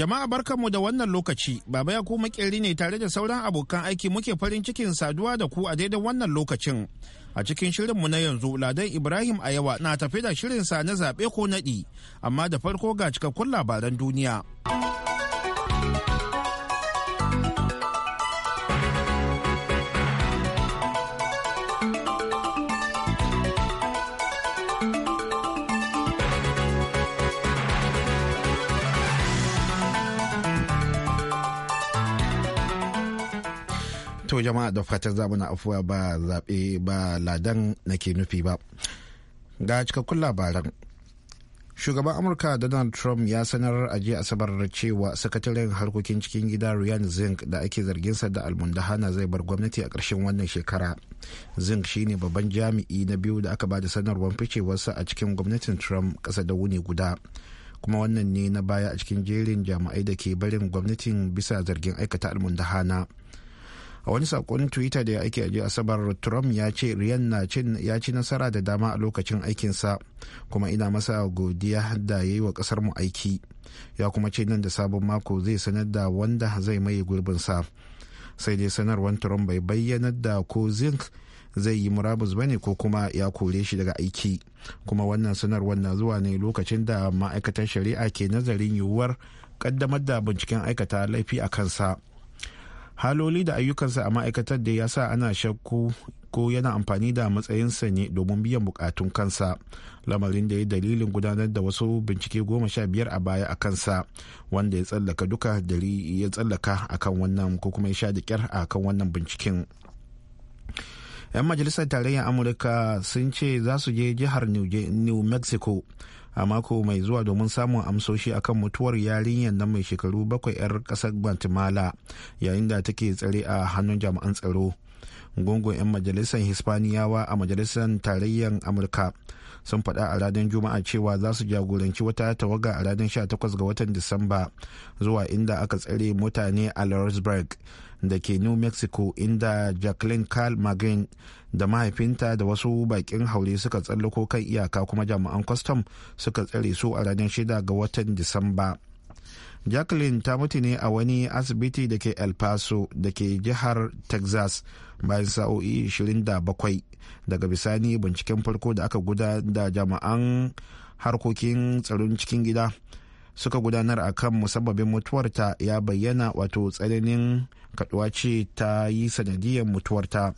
Jama'a mu da wannan lokaci, Baba ya kuma makeri ne tare da sauran abokan aiki muke farin cikin saduwa da ku a daidai wannan lokacin. A cikin shirin mu na yanzu, Ladan Ibrahim Ayawa na tafi da shirinsa na zaɓe ko naɗi, amma da farko ga cikakkun labaran duniya. to jama'a da fatar za afuwa ba zaɓe ba ladan nake nufi ba ga cikakkun labaran shugaban amurka donald trump ya sanar a jiya asabar cewa sakataren harkokin cikin gida ryan zink da ake zarginsa da almundahana zai bar gwamnati a ƙarshen wannan shekara zink shine babban jami'i na biyu da aka bada sanarwar ficewarsa a cikin gwamnatin trump ƙasa da wuni guda kuma wannan ne na baya a cikin jerin jami'ai da ke barin gwamnatin bisa zargin aikata almundahana a wani sakonin twitter da ya ake ajiye asabar trump ya ce riyan ya ci nasara da dama a lokacin aikinsa kuma ina masa godiya da ya yi wa kasar mu aiki ya kuma ce nan da sabon mako zai sanar da wanda zai maye gurbinsa sai dai sanarwar trump bai bayyana da ko zinc zai yi murabus bane ko kuma ya kore shi daga aiki kuma wannan sanarwar na zuwa ne lokacin da ma'aikatan shari'a ke nazarin yiwuwar kaddamar da binciken aikata laifi a kansa haloli da ayyukansa a ma'aikatar da ya sa ana shakku ko yana amfani da matsayinsa ne domin biyan bukatun kansa lamarin da ya dalilin gudanar da wasu bincike goma sha biyar a baya a kansa wanda ya tsallaka duka dari ya tsallaka akan wannan ko kuma ya sha da kyar akan wannan binciken 'yan majalisar tarayyar amurka sun ce za su je jihar new mexico a mako mai zuwa domin samun amsoshi akan mutuwar yarinyar nan mai shekaru bakwai 'yar kasar guatemala yayin da take tsare a hannun jami'an tsaro gungun 'yan majalisar hispaniyawa a majalisar tarayyar amurka sun faɗa a ranar juma'a cewa za su jagoranci wata tawaga a ranar 18 ga watan disamba zuwa inda aka tsare mutane a lawrenceburg da ke new mexico inda jacqueline carl magin da mahaifinta da wasu bakin haure suka tsallako kan iyaka kuma jami'an kwastam suka tsare su a ranar 6 ga watan disamba jacqueline ta mutu ne a wani asibiti da ke el paso da ke jihar texas bayan sa'o'i 27 daga bisani binciken farko da aka guda da jama'an harkokin tsaron cikin gida suka gudanar a kan musabbabin mutuwarta ya bayyana wato tsananin kaduwa ce ta yi sanadiyar mutuwarta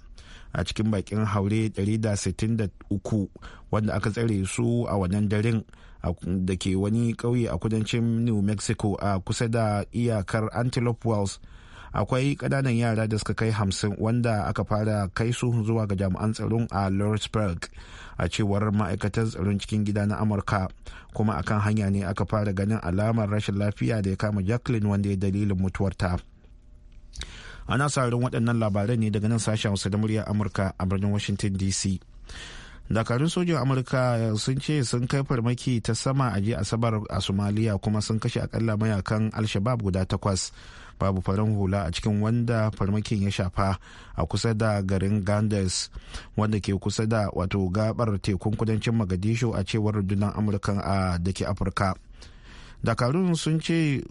a cikin bakin haure 163 wanda aka tsare su a wannan daren da ke wani ƙauye a kudancin new mexico a kusa da iyakar antelope wells akwai ƙananan yara da suka kai hamsin wanda aka fara kai su zuwa ga jami'an tsaron a lordsburg a cewar ma'aikatan tsaron cikin gida na amurka kuma akan hanya ne aka fara ganin alamar rashin lafiya da ya kama jacqueline wanda ya dalilin mutuwarta ana sauran waɗannan labarai ne daga nan sashen hausa da muryar amurka a birnin washington dc dakarun sojin amurka sun ce sun kai farmaki ta sama a jiya asabar a somaliya kuma sun kashe akalla mayakan alshabab guda takwas babu farin hula a cikin wanda farmakin ya shafa a kusa da garin gandes wanda ke kusa da wato gabar tekun kudancin magadisho a cewar rundunar amurka a dake afirka dakarun sun ce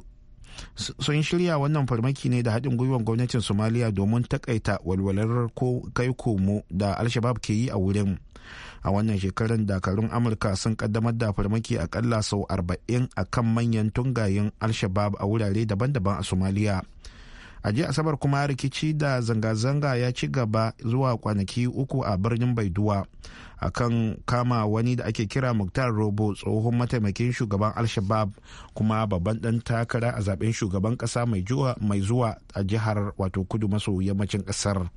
sun shirya wannan farmaki ne da haɗin gwiwar gwamnatin somaliya domin takaita walwalar kai komo da alshabab ke yi a wurin a wannan shekarun dakarun amurka sun kaddamar da farmaki akalla sau arba'in a kan manyan tungayen al-shabab a wurare daban-daban a somaliya a jiya asabar kuma rikici da zanga-zanga ya ci gaba zuwa kwanaki uku a birnin baiduwa akan kama wani da ake kira muktar robo tsohon mataimakin shugaban al-shabab kuma babban dan takara a zaben shugaban kasa mai zuwa a jihar wato kudu maso yammacin kasar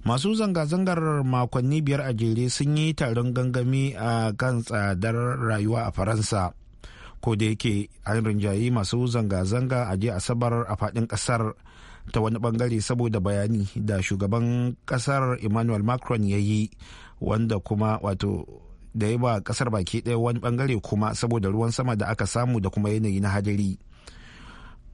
masu zanga-zangar makonni biyar a jere sun yi taron gangami a kan tsadar rayuwa a faransa ko da yake an rinjayi masu zanga-zanga a je asabar a fadin kasar ta wani bangare saboda bayani da shugaban kasar emmanuel macron ya yi wanda kuma wato da ya ba ƙasar baki ɗaya wani bangare kuma saboda ruwan sama da aka samu da kuma yanayi na hadari.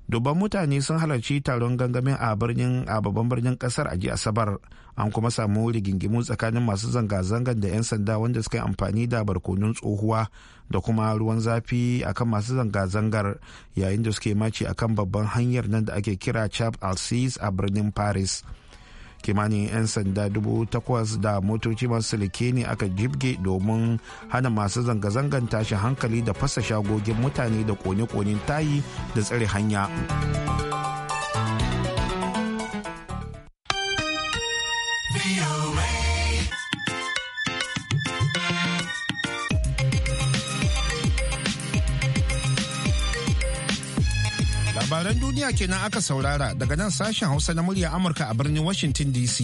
dubban mutane sun halarci taron gangamin a birnin a babban birnin kasar a jiya asabar an kuma samu rigingimu tsakanin masu zanga-zangar da 'yan sanda wanda suka yi amfani da barkonun tsohuwa da kuma ruwan zafi akan masu zanga-zangar yayin da suke maci akan babban hanyar nan da ake kira chap alsis a birnin paris kimanin 'yan sanda dubu takwas da motoci masu leke ne aka jibge domin hana masu zanga-zangan tashi hankali da fasa shagogin mutane da kone-konen tayi da tsare hanya. duniya kenan aka saurara daga nan sashen Hausa na murya Amurka a birnin Washington DC.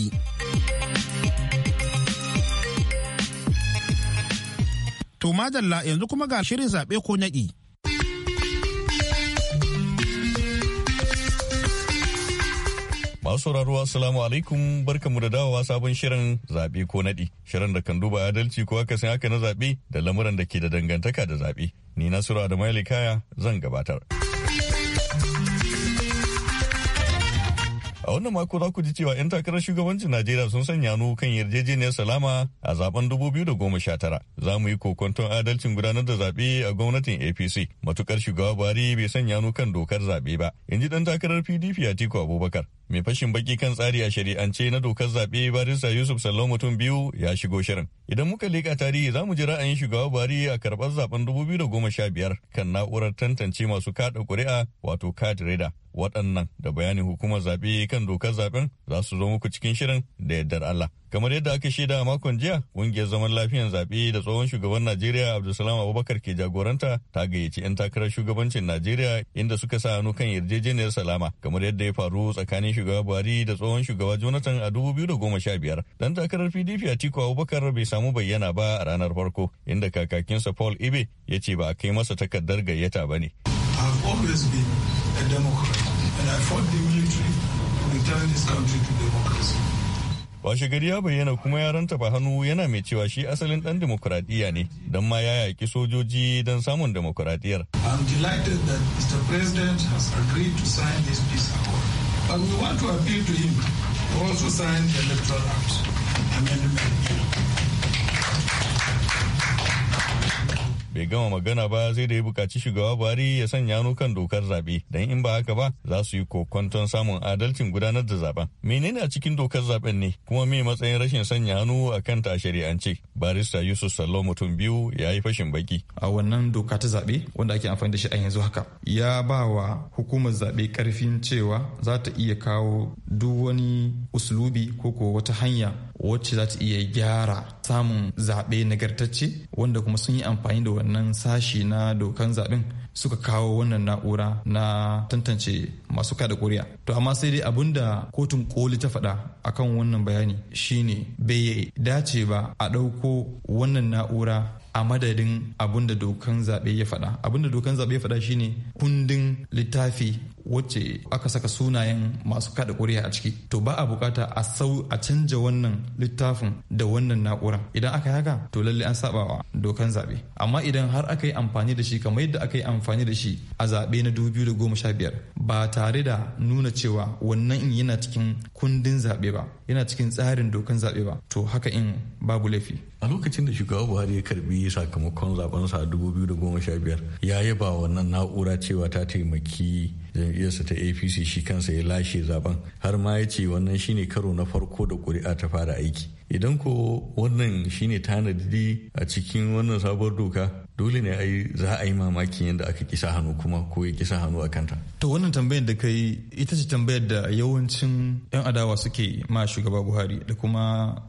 To madalla yanzu kuma ga shirin zaɓe ko naɗi. Masu sauraro Assalamu alaikum barkamu da dawowa sabon shirin zaɓe ko naɗi. Shirin da kan duba adalci ko aka san haka na zaɓe da lamuran da ke da dangantaka da zaɓe. Ni Nasiru da Kaya zan gabatar. A wannan mako za ku ji cewa 'yan takarar shugabancin Najeriya sun sanya hannu kan yarjejeniyar salama a zaben 2019. Za mu yi kokonton adalcin gudanar da zaɓe a gwamnatin APC. Matukar shugaba Buhari bai sanya hannu kan dokar zaɓe ba. In ji ɗan takarar PDP Atiku Abubakar. mai fashin baki kan tsari a shari'ance na dokar zaɓe barista yusuf sallau mutum biyu ya shigo shirin idan muka leƙa tarihi za mu ji ra'ayin shugaba buhari a karɓar zaben biyar kan na'urar tantance masu kaɗa ƙuri'a wato card reader waɗannan da bayanin hukumar zaɓe kan dokar zaɓen za su zo muku cikin shirin da yardar allah kamar yadda aka shaida a makon jiya ƙungiyar zaman lafiyan zaɓe da tsohon shugaban najeriya abdulsalam abubakar ke jagoranta ta gayyaci 'yan takarar shugabancin najeriya inda suka sa hannu kan yarjejeniyar salama kamar yadda ya faru tsakanin shugaba buhari da tsohon shugaba jonathan a da goma sha biyar dan takarar pdp a atiku abubakar bai samu bayyana ba a ranar farko inda kakakinsa paul ibe ya ce ba a kai masa takardar gayyata ba ne And I fought the military to return this country to democracy. washe gari ya bayyana kuma ya rantaba hannu yana mai cewa shi asalin dan demokuraɗiyya ne don ma ya yaki sojoji don samun demokuraɗiyyar. I'm delighted that Mr. President has agreed to sign this peace accord. and we want to appeal to him to also sign the Electoral Act amendment. bai gama magana ba zai da ya buƙaci shugaba buhari ya sanya hannu kan dokar zaɓe don in ba haka ba za su yi kokwanton samun adalcin gudanar da zaben menene a cikin dokar zaben ne kuma me matsayin rashin sanya hannu a kan ta shari'ance barista yusuf sallo mutum biyu ya yi fashin baki a wannan doka ta zaɓe wanda ake amfani da shi a yanzu haka ya ba wa hukumar zaɓe ƙarfin cewa za ta iya kawo duk wani uslubi ko ko wata hanya wacce za ta iya gyara samun zaɓe nagartacce wanda kuma sun yi amfani da wannan sashi na dokan zaɓen suka kawo wannan na'ura na tantance masu kada kuri'a to amma sai dai abin da kotun koli ta faɗa akan wannan bayani shine bai dace ba a ɗauko wannan na'ura a madadin abin da dokan zaɓe ya faɗa abin da dokan zaɓe ya faɗa shine kundin littafi wacce aka saka sunayen masu kada ƙuri'a a ciki to ba a bukata a sau a canja wannan littafin da wannan na'ura idan aka yi haka to lalle an saba wa dokan zaɓe amma idan har aka yi amfani da shi kamar yadda aka yi amfani da shi a zaɓe na sha biyar, ba tare da nuna cewa wannan in yana cikin kundin zaɓe ba yana cikin tsarin dokan zaɓe ba to haka in babu laifi a lokacin da shugaba buhari ya karbi sakamakon zabensa a 2015 ya yaba wannan na'ura cewa ta taimaki jam'iyyarsa ta apc shi kansa ya lashe zaben har ma ya ce wannan shine karo na farko da ƙuri'a ta fara aiki idan ko wannan shine tanadi a cikin wannan sabuwar doka dole ne ai za a yi mamakin yadda aka kisa hannu kuma ko ya kisa hannu a kanta. To wannan tambayar da kai ita ce tambayar da yawancin 'yan adawa suke ma shugaba Buhari da kuma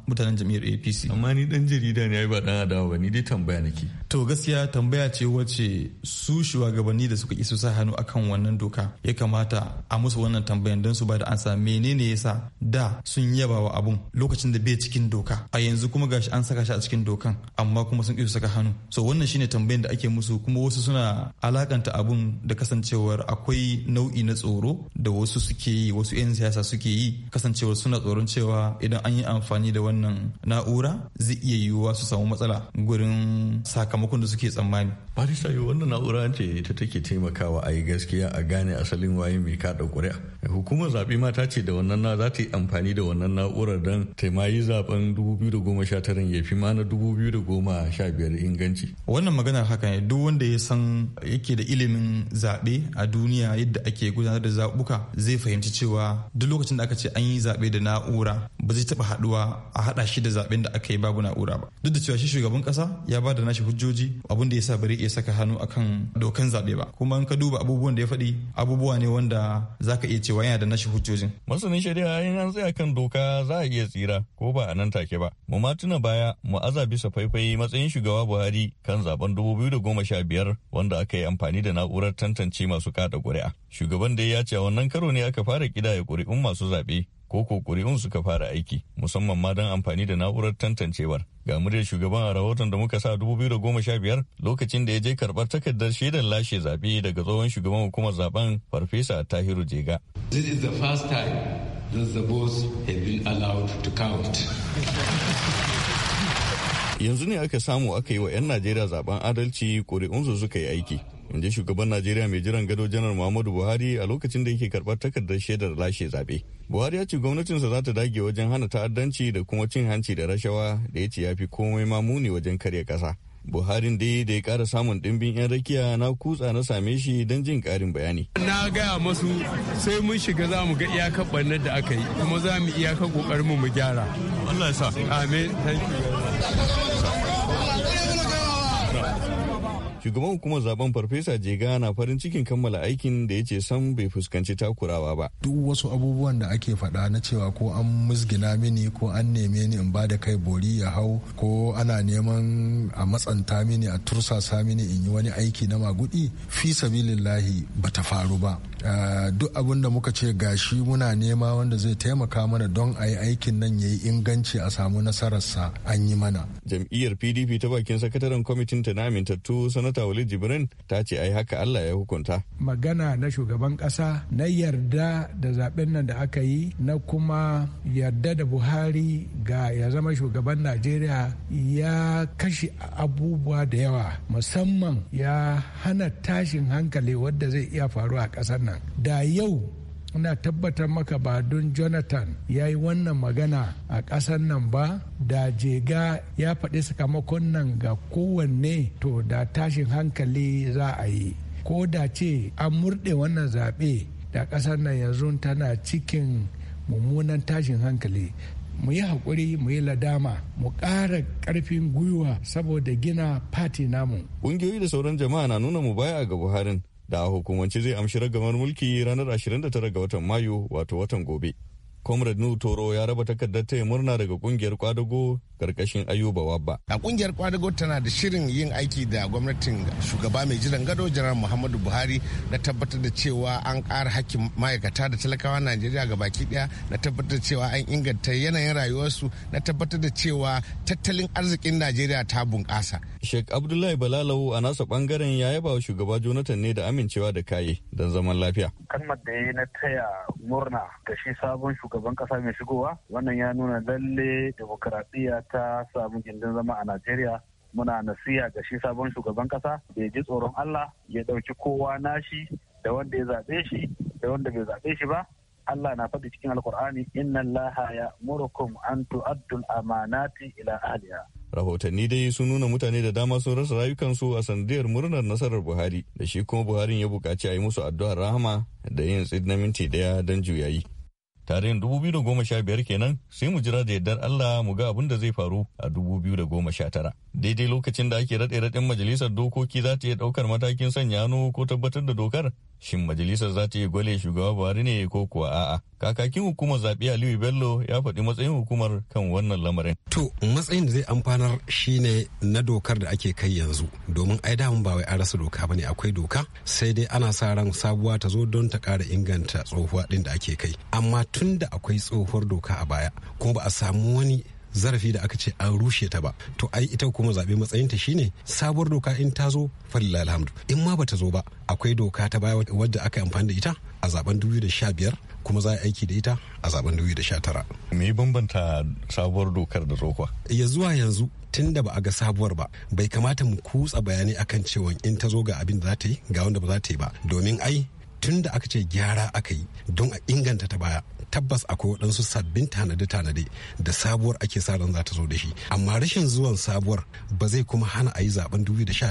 mutanen jam'iyyar APC. Amma ni dan jarida ne ai ba dan adawa ba ni dai tambaya nake. To gaskiya tambaya ce wacce su shugabanni da suka iso sa hannu akan wannan doka ya kamata a musu wannan tambayan don su ba da ansa menene sa da sun yaba wa abun lokacin da bai cikin doka a yanzu kuma gashi an saka shi a cikin dokan amma kuma sun iso saka hannu. So wannan shine tambayin da ake musu kuma wasu suna alakanta abun da kasancewar akwai nau'i na tsoro da wasu suke yi wasu 'yan siyasa suke yi kasancewar suna tsoron cewa idan an yi amfani da wannan na'ura zai iya yiwuwa su samu matsala gurin sakamakon da suke tsammani. Barista yi wannan na'ura ce ta take taimakawa a yi gaskiya a gane asalin waye mai kada kuri'a Hukumar zaɓe ma ta ce da wannan na za ta yi amfani da wannan na'urar don taimayi zaɓen 2019 ya fi ma na 2015 inganci. Wannan maganar haka ne duk wanda ya san yake da ilimin zaɓe a duniya yadda ake gudanar da zaɓuka zai fahimci cewa duk lokacin da aka ce an yi zaɓe da na'ura ba zai taɓa haɗuwa a haɗa shi da zaɓen da aka yi babu na'ura ba duk da cewa shi shugaban ƙasa ya ba da nashi hujjoji abun da ya sa bari ya saka hannu akan dokan zaɓe ba kuma in ka duba abubuwan da ya faɗi abubuwa ne wanda za ka iya cewa yana da nashi hujjojin. masanin shari'a in an tsaya kan doka za a iya tsira ko ba a nan take ba mu ma tuna baya mu aza bisa faifai matsayin shugaba buhari kan zaben 2015 wanda aka yi amfani da na'urar tantance masu kada ƙuri'a. Shugaban da ya ce wannan karo ne aka fara kidaya ƙuri'un masu zaɓe ko ko ƙuri'un suka fara aiki musamman ma don amfani da na'urar tantancewar. Ga muryar shugaban a rahoton da muka sa 2015 lokacin da ya je karɓar takardar shaidar lashe zaɓe daga tsohon shugaban hukumar zaben Farfesa Tahiru Jega. This is the first time that the votes have been allowed to count. yanzu ne aka samu aka yi wa 'yan najeriya zaben adalci ƙuri'unsu suka yi aiki in ji shugaban najeriya mai jiran gado janar muhammadu buhari a lokacin da yake karbar takardar shaidar lashe zaɓe buhari ya ce gwamnatinsa za ta dage wajen hana ta'addanci da kuma cin hanci da rashawa da ya ce ya fi komai muni wajen karya ƙasa buharin dai da ya kara samun ɗimbin 'yan rakiya na kutsa na same shi don jin karin bayani na gaya masu sai mun shiga za mu ga iyakar ɓarnar da aka yi kuma za mu iyakar ƙoƙarin mu gyara Allah Shugaban hukumar zaben Farfesa Jega na farin cikin kammala aikin da ya ce sam bai fuskanci takurawa ba. Duk wasu abubuwan da ake faɗa na cewa ko an musgina mini ko an neme ni in bada kai bori ya hau ko ana neman a matsanta mini a tursasa mini in yi wani aiki na magudi fi sabilillahi ta faru ba. Eh, duk abin da muka ce gashi muna nema wanda zai taimaka mana don a yi aikin nan ya yi inganci a samu nasararsa an yi mana. Jam'iyyar PDP ta bakin sakataren kwamitin ta na amintattu sanar sanata Walidi Jibrin ta ce ai haka Allah ya hukunta. Magana na shugaban ƙasa na yarda da zaben nan da aka yi na kuma yarda da Buhari ga ya zama shugaban Najeriya ya kashe abubuwa da yawa musamman ya hana tashin hankali wadda zai iya faru a ƙasar nan. Da yau ina tabbatar maka ba don jonathan ya yi wannan magana a ƙasar nan ba da jega ya faɗi sakamakon nan ga kowanne to da tashin hankali za a yi ko da ce an murɗe wannan zaɓe da ƙasar nan yanzu tana cikin mummunan tashin hankali mu yi haƙuri mu yi ladama mu ƙara ƙarfin gwiwa saboda gina fati namu ƙungiyoyi da sauran jama'a na nuna mu baya ga buharin da hukumance zai amshi ragamar mulki ranar 29 ga watan mayu wato watan gobe Comrade Nuhu Toro ya raba takardar taya murna daga kungiyar kwadago karkashin Ayuba Wabba. A kungiyar kwadago tana da shirin yin aiki da gwamnatin shugaba mai jiran gado Janar Muhammadu Buhari na tabbatar da cewa an ƙara hakkin ma'aikata da talakawa Najeriya ga baki ɗaya na tabbatar da cewa an inganta yanayin rayuwarsu na tabbatar da cewa tattalin arzikin Najeriya ta bunƙasa. Sheikh Abdullahi Balalau a nasa bangaren ya yaba wa shugaba Jonathan ne da amincewa da kaye don zaman lafiya. Kalmar da ya na taya murna da shi sabon shugaba shugaban kasa mai shigowa wannan ya nuna lalle demokaradiyya ta samu gindin zama a najeriya muna nasiha ga shi sabon shugaban kasa da ji tsoron allah ya ɗauki kowa nashi da wanda ya zaɓe shi da wanda bai zaɓe shi ba Allah na faɗi cikin Alƙur'ani inna Allaha ya murukum an tu'addul amanati ila ahliha rahotanni dai sun nuna mutane da dama sun rasa rayukansu a sanadiyar murnar nasarar buhari da shi kuma buharin ya buƙaci a yi musu addu'ar rahama da yin tsid na minti ɗaya don juyayi dubu biyu da goma sha biyar kenan sai mu jira da yardar Allah mu ga abin da zai faru a dubu biyu da goma sha tara. daidai lokacin da ake raɗe raɗin majalisar dokoki za ta iya ɗaukar matakin sanya hannu ko tabbatar da dokar shin majalisar za ta iya gwale shugaba buhari ne ko kuwa a'a kakakin hukumar zaɓe aliyu bello ya faɗi matsayin hukumar kan wannan lamarin to matsayin da zai amfanar shine na dokar da ake kai yanzu domin ai damun ba wai an rasa doka ba ne akwai doka sai dai ana sa ran sabuwa ta zo don ta ƙara inganta tsohuwa ɗin da ake kai amma tunda akwai tsohuwar doka a baya kuma ba a samu wani zarafi da aka ce an rushe ta ba to ai ita kuma zaɓe matsayinta shine sabuwar doka in ta zo falila alhamdu in ma bata zo ba akwai doka ta baya wadda aka yi amfani da ita a zaben 2015 kuma za a aiki da ita a zaben 2019 me bambanta sabuwar dokar da tsohuwa ya zuwa yanzu tun da ba a ga sabuwar ba bai kamata mu kutsa bayanai akan cewa in ta zo ga abin da za ta yi ga wanda ba za ta yi ba domin ai tun da aka ce gyara aka yi don a inganta ta baya tabbas akwai waɗansu sabbin tanade-tanade da sabuwar ake sa ran za ta zo da shi amma rashin zuwan sabuwar ba zai kuma hana a yi zaben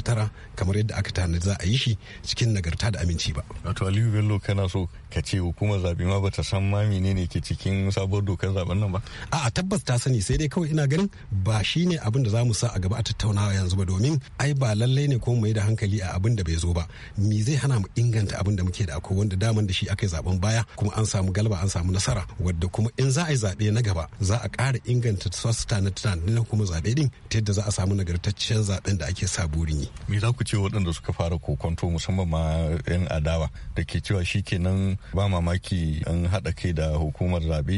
tara kamar yadda aka tanadi za a yi shi cikin nagarta da aminci ba. Wato Aliyu Bello kana so ka ce hukumar zaɓe ma bata san ma menene ke cikin sabuwar dokar zaben nan ba a tabbas ta sani sai dai kawai ina ganin ba shine abin da za mu sa a gaba a tattaunawa yanzu ba domin ai ba lallai ne ko mu yi da hankali a abin da bai zo ba me zai hana mu inganta abin da muke da akwai wanda daman da shi aka yi zaben baya kuma an samu galba an samu nasara wadda kuma in za a yi zaɓe na gaba za a ƙara inganta sassa na tunanin hukumar zaɓe din ta yadda za a samu nagartaccen zaben da ake sa burin yi me za ku ce waɗanda suka fara kokonto musamman ma 'yan adawa da ke cewa shi kenan ba mamaki an haɗa kai da hukumar zaɓe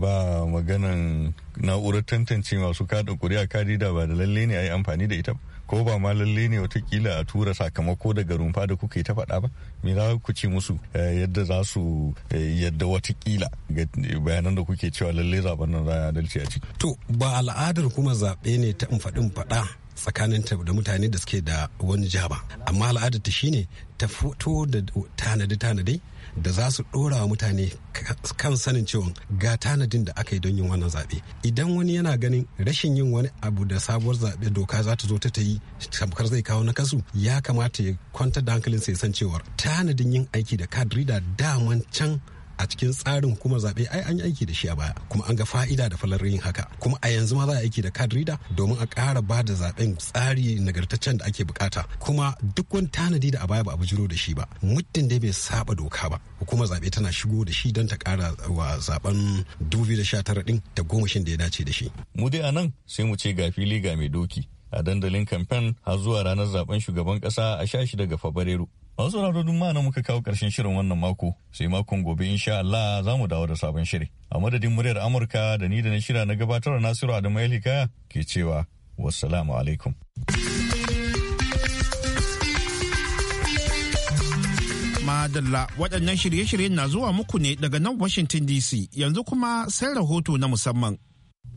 ba maganan na'urar tantance masu kada kuri'a kari da ba da lalle ne a yi amfani da ita ko ba ma lalle ne watakila a tura sakamako daga rumfa da kuka yi ta faɗa ba me za ku ce musu eh, yadda za su eh, yadda watakila ga bayanan da kuke cewa lalle zaben nan za a adalci a ciki. to ba al'adar kuma zaɓe ne ta faɗin faɗa tsakanin ta da mutane da suke da wani jaba amma al'adar ta shine ta fito da tanadi-tanadi da za su ɗora wa mutane kan sanin cewa ga tanadin da aka yi don yin wannan zaɓe idan wani yana ganin rashin yin wani abu da sabuwar zaɓe doka za ta zo ta ta yi tamkar zai kawo na kasu ya kamata ya kwantar da hankalin ya san cewar tanadin yin aiki da kadri da daman can a cikin tsarin hukumar zaɓe ai an yi aiki da shi a baya kuma an ga fa'ida da falar yin haka kuma a yanzu ma za a aiki da card reader domin a ƙara ba da zaɓen tsari nagartaccen da ake bukata kuma duk wani tanadi da a baya ba a bujiro da shi ba muddin dai bai saba doka ba hukumar zaɓe tana shigo da shi don ta ƙara wa zaɓen 2019 ɗin da shin da ya dace da shi. Mu dai a nan sai mu ce ga fili ga mai doki a dandalin kamfen har zuwa ranar zaben shugaban kasa a 16 ga Fabrairu. Masu sauraro duk ma'ana muka kawo ƙarshen shirin wannan mako sai makon gobe insha Allah za mu dawo da sabon shiri. A madadin muryar Amurka da ni da na shira na gabatar da Nasiru Adamu Elika ke cewa wassalamu alaikum. Madalla waɗannan shirye-shiryen na zuwa muku ne daga nan Washington DC yanzu kuma sai rahoto na musamman.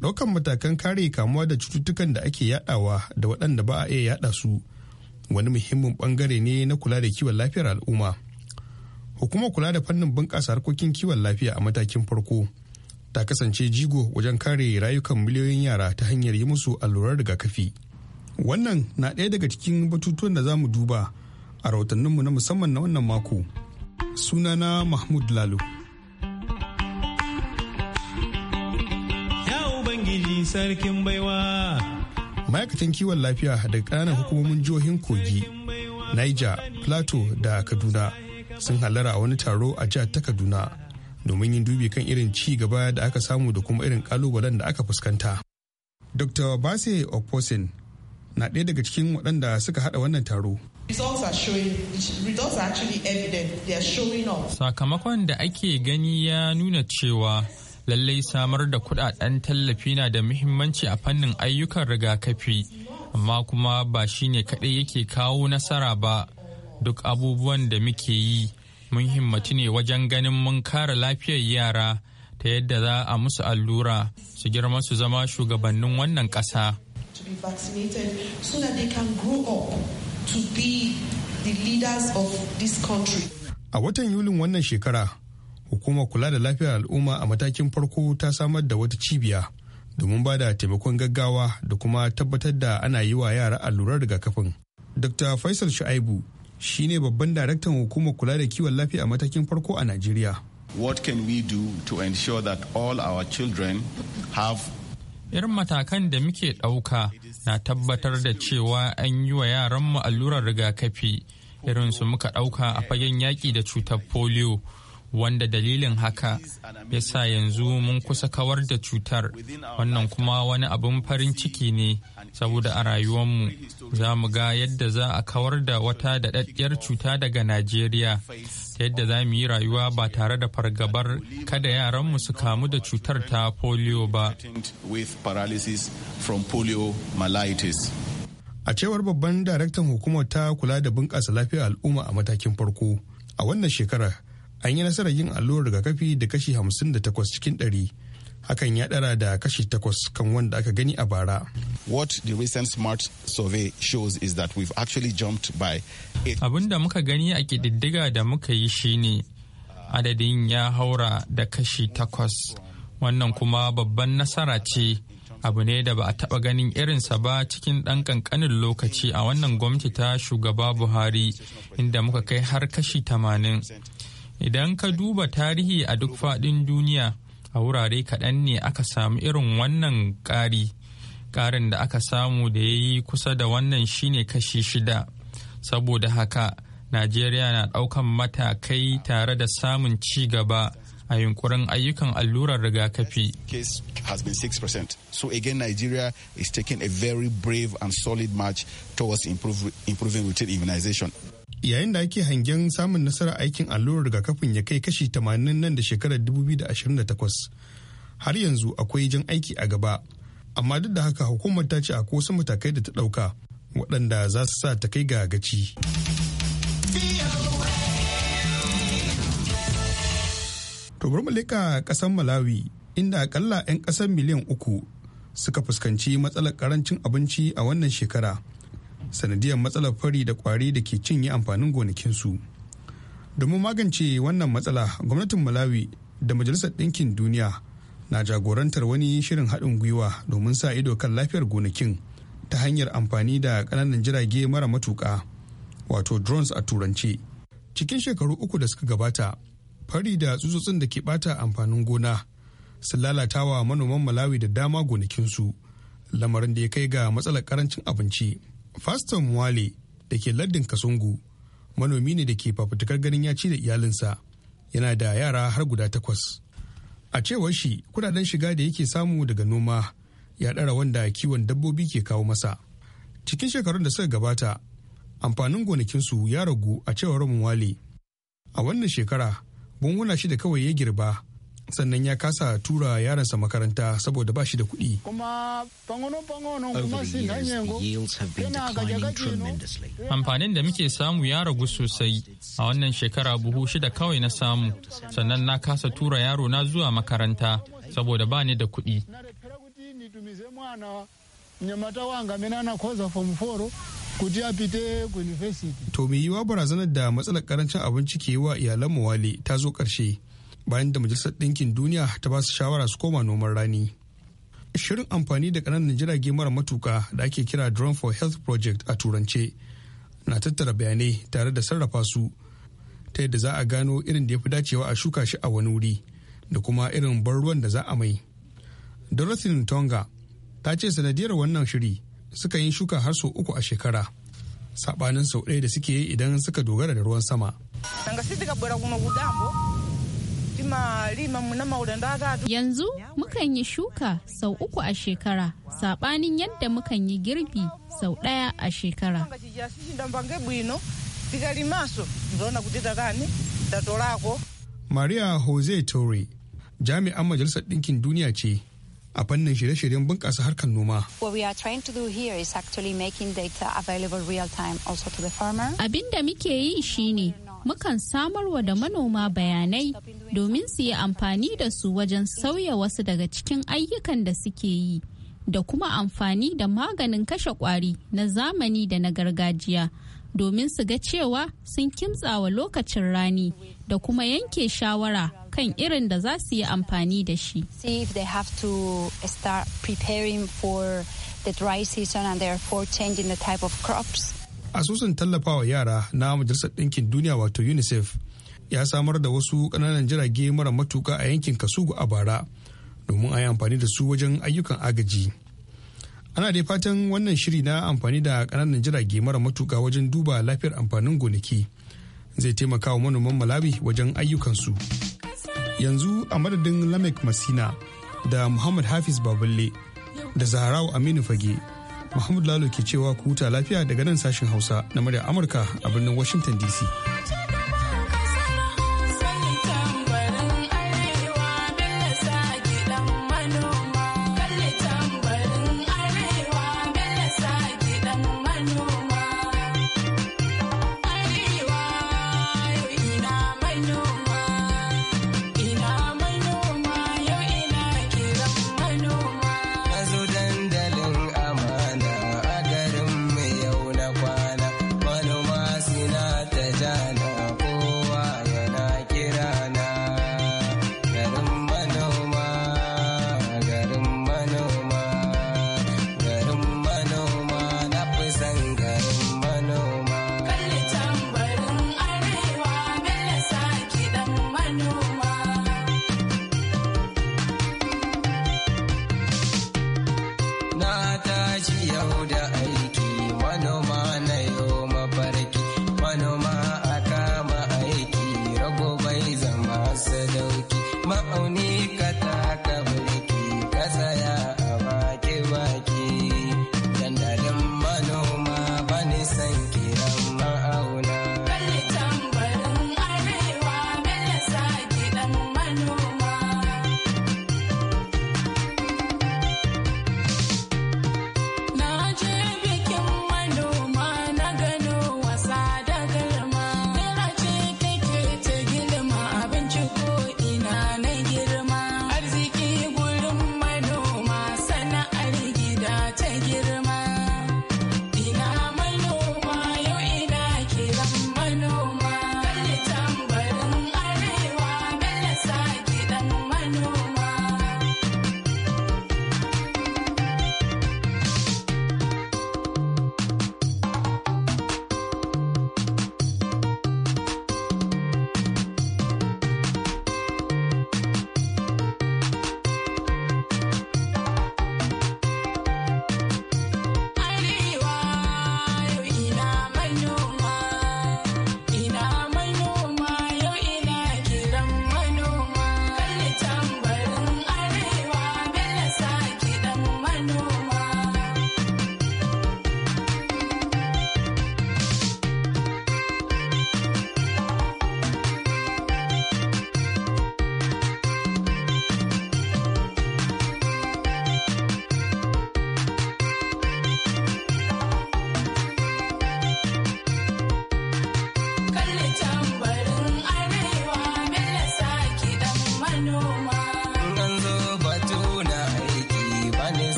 Ɗaukan matakan kare kamuwa da cututtukan da ake yaɗawa da waɗanda ba a iya yaɗa su. wani muhimmin bangare ne na kula da kiwon lafiyar al'umma hukumar kula da fannin bunƙasa harkokin kiwon lafiya a matakin farko ta kasance jigo wajen kare rayukan miliyoyin yara ta hanyar yi musu allurar rigakafi wannan na ɗaya daga cikin batutuwan da za mu duba a rahotanninmu na musamman na wannan mako sunana mahmud lalo ya ubangiji sarkin baiwa ma'aikatan kiwon lafiya da ƙananan hukumomin jihohin kogi niger plateau da kaduna sun halara a wani taro a jihar ta kaduna domin yin dubi kan irin ci gaba da aka samu da kuma irin kalubalen da aka fuskanta dr base oposin na ɗaya daga cikin waɗanda suka haɗa wannan taro sakamakon da ake gani ya nuna cewa lallai samar da kudaden tallafi na da muhimmanci a fannin ayyukan rigakafi amma kuma ba shi ne kaɗai yake kawo nasara ba duk abubuwan da muke yi mun himmatu ne wajen ganin mun kare lafiyar yara ta yadda za a musu allura su girma su zama shugabannin wannan ƙasa. A watan Yulin wannan shekara hukumar kula da lafiyar al'umma a matakin farko ta samar da wata cibiya domin ba da taimakon gaggawa da kuma tabbatar da ana yi wa yara allurar rigakafin dr faisal shu'aibu shine babban daraktan hukumar kula da kiwon lafiya a matakin farko a najeriya what can we do to ensure that all our children have irin matakan da muke ɗauka na tabbatar da cewa an yi wa yaranmu allurar rigakafi irin su muka ɗauka a fagen yaƙi da cutar polio wanda dalilin haka ya sa yanzu mun kusa kawar da cutar wannan kuma wani abin farin ciki ne saboda a rayuwarmu za mu ga yadda za a kawar da wata daɗaɗɗiyar cuta daga najeriya ta yadda za mu yi rayuwa ba tare da fargabar kada yaranmu su kamu da cutar ta polio ba a cewar babban daraktan hukumar ta kula da bunƙasa lafiyar al'umma a matakin farko a wannan shekarar. an yi nasarar yin allurar rigakafi da kashi hamsin da takwas cikin 100 hakan ya dara da kashi takwas kan wanda aka gani a bara. What the recent smart survey shows is that we've actually jumped by Abin da muka gani a kididdiga da muka yi shine adadin ya haura da kashi takwas wannan kuma babban nasara ce abu ne da ba a taɓa ganin irinsa ba cikin ɗan ƙanƙanin lokaci a wannan gwamnati ta shugaba buhari inda muka kai har kashi tamanin. Idan ka duba tarihi a duk faɗin duniya, a wurare kaɗan ne aka samu irin wannan ƙari. Ƙarin da aka samu da ya yi kusa da wannan shine kashi shida. Saboda haka, Najeriya na ɗaukan matakai tare da samun ci gaba. a yunkurin ayyukan allurar rigakafi. So again Nigeria is taking a very brave and solid march towards improving routine immunization. yayin da ake hangen samun nasarar aikin allurar rigakafin ya kai kashi 80 nan da shekarar 2028 har yanzu akwai jan aiki a gaba amma duk da haka hukumar ta ce akwai wasu matakai da ta ɗauka waɗanda za su sa ta kai ga gaci. To bari ƙasar Malawi inda akalla 'yan ƙasar miliyan uku suka fuskanci matsalar karancin abinci a wannan shekara. sanadiyar matsalar fari da kwari da ke cinye amfanin gonakinsu domin magance wannan matsala gwamnatin malawi da majalisar ɗinkin duniya na jagorantar wani shirin haɗin gwiwa domin sa ido kan lafiyar gonakin ta hanyar amfani da ƙananan jirage mara matuƙa wato drones a turance cikin shekaru uku da suka gabata fari da tsutsotsin da ke bata amfanin gona sun lalatawa manoman malawi da dama gonakinsu lamarin da ya kai ga matsalar karancin abinci Faston Mwale da ke lardin Kasungu manomi ne da ke fafutukar ganin ya ci da iyalinsa yana da yara har guda takwas. A cewar shi kudaden shiga da yake samu daga noma ya ɗara wanda kiwon dabbobi ke kawo masa. Cikin shekarun da suka gabata amfanin gonakinsu ya ragu a cewar Wale. A wannan shekara shi da kawai ya girba sannan ya kasa tura yaransa makaranta saboda ba shi da kuɗi. Amfanin da muke samu ya ragu sosai a wannan shekara buhu shida kawai na samu sannan na kasa tura yaro na zuwa makaranta saboda ba ni da kuɗi. To mai yiwa barazanar da matsalar karancin abinci ke wa iyalan muwale ta zo ƙarshe. bayan da majalisar ɗinkin duniya ta ba su shawara su koma noman rani shirin amfani da ƙananan jirage mara matuka da ake kira drone for health project a turance na tattara bayanai tare da sarrafa su ta yadda za a gano irin da ya fi dacewa a shuka shi a wani wuri da kuma irin ban ruwan da za a mai dorothy tonga ta ce sanadiyar wannan shiri suka yi shuka har sau uku a shekara saɓanin sau ɗaya da suke yi idan suka dogara da ruwan sama Yanzu mukan yi shuka sau uku a shekara, saɓanin yadda mukan yi girbi sau ɗaya a shekara. Maria Jose Tore, jami'an Majalisar Ɗinkin Duniya ce a fannin shirye-shiryen bunƙasa harkar noma. Abin da muke yi shine mukan samarwa da manoma bayanai domin su yi amfani da su wajen sauya wasu daga cikin ayyukan da suke yi da kuma amfani da maganin kashe kwari na zamani da na gargajiya domin su ga cewa sun kimtsawa lokacin rani da kuma yanke shawara kan irin da za su yi amfani da shi. the dry season and therefore changing the type of crops asusun tallafawa yara na majalisar ɗinkin duniya wato unicef ya samar da wasu ƙananan jirage mara matuka a yankin kasugu a bara domin a yi amfani da su wajen ayyukan agaji ana dai fatan wannan shiri na amfani da ƙananan jirage mara matuka wajen duba lafiyar amfanin gonaki zai taimaka wa manoman malawi wajen ayyukansu yanzu a madadin lamek masina da muhammad hafiz baballe da zaharau aminu fage Mahmud Lalo ke cewa ku huta lafiya daga nan sashin Hausa na murya Amurka a birnin Washington DC.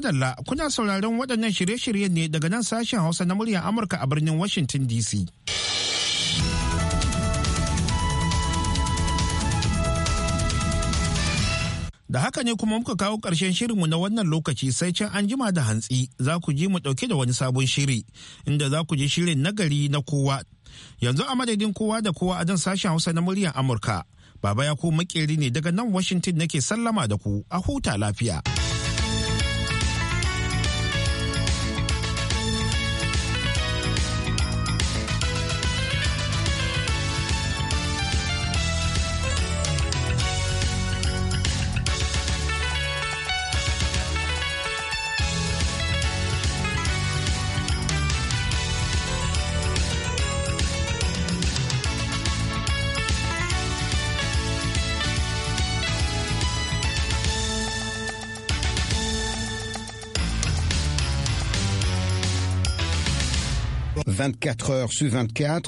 madalla kuna sauraron waɗannan shirye-shirye ne daga nan sashen Hausa na muryar Amurka a birnin Washington DC. Da haka ne kuma muka kawo ƙarshen shirinmu na wannan lokaci sai can an jima da hantsi za ku ji mu ɗauke da wani sabon shiri inda za ku ji shirin nagari na kowa. Yanzu a madadin kowa da kowa a dan sashen Hausa na muryar Amurka. Baba ya ku makeri ne daga nan Washington nake sallama da ku a huta lafiya. 24 heures sur 24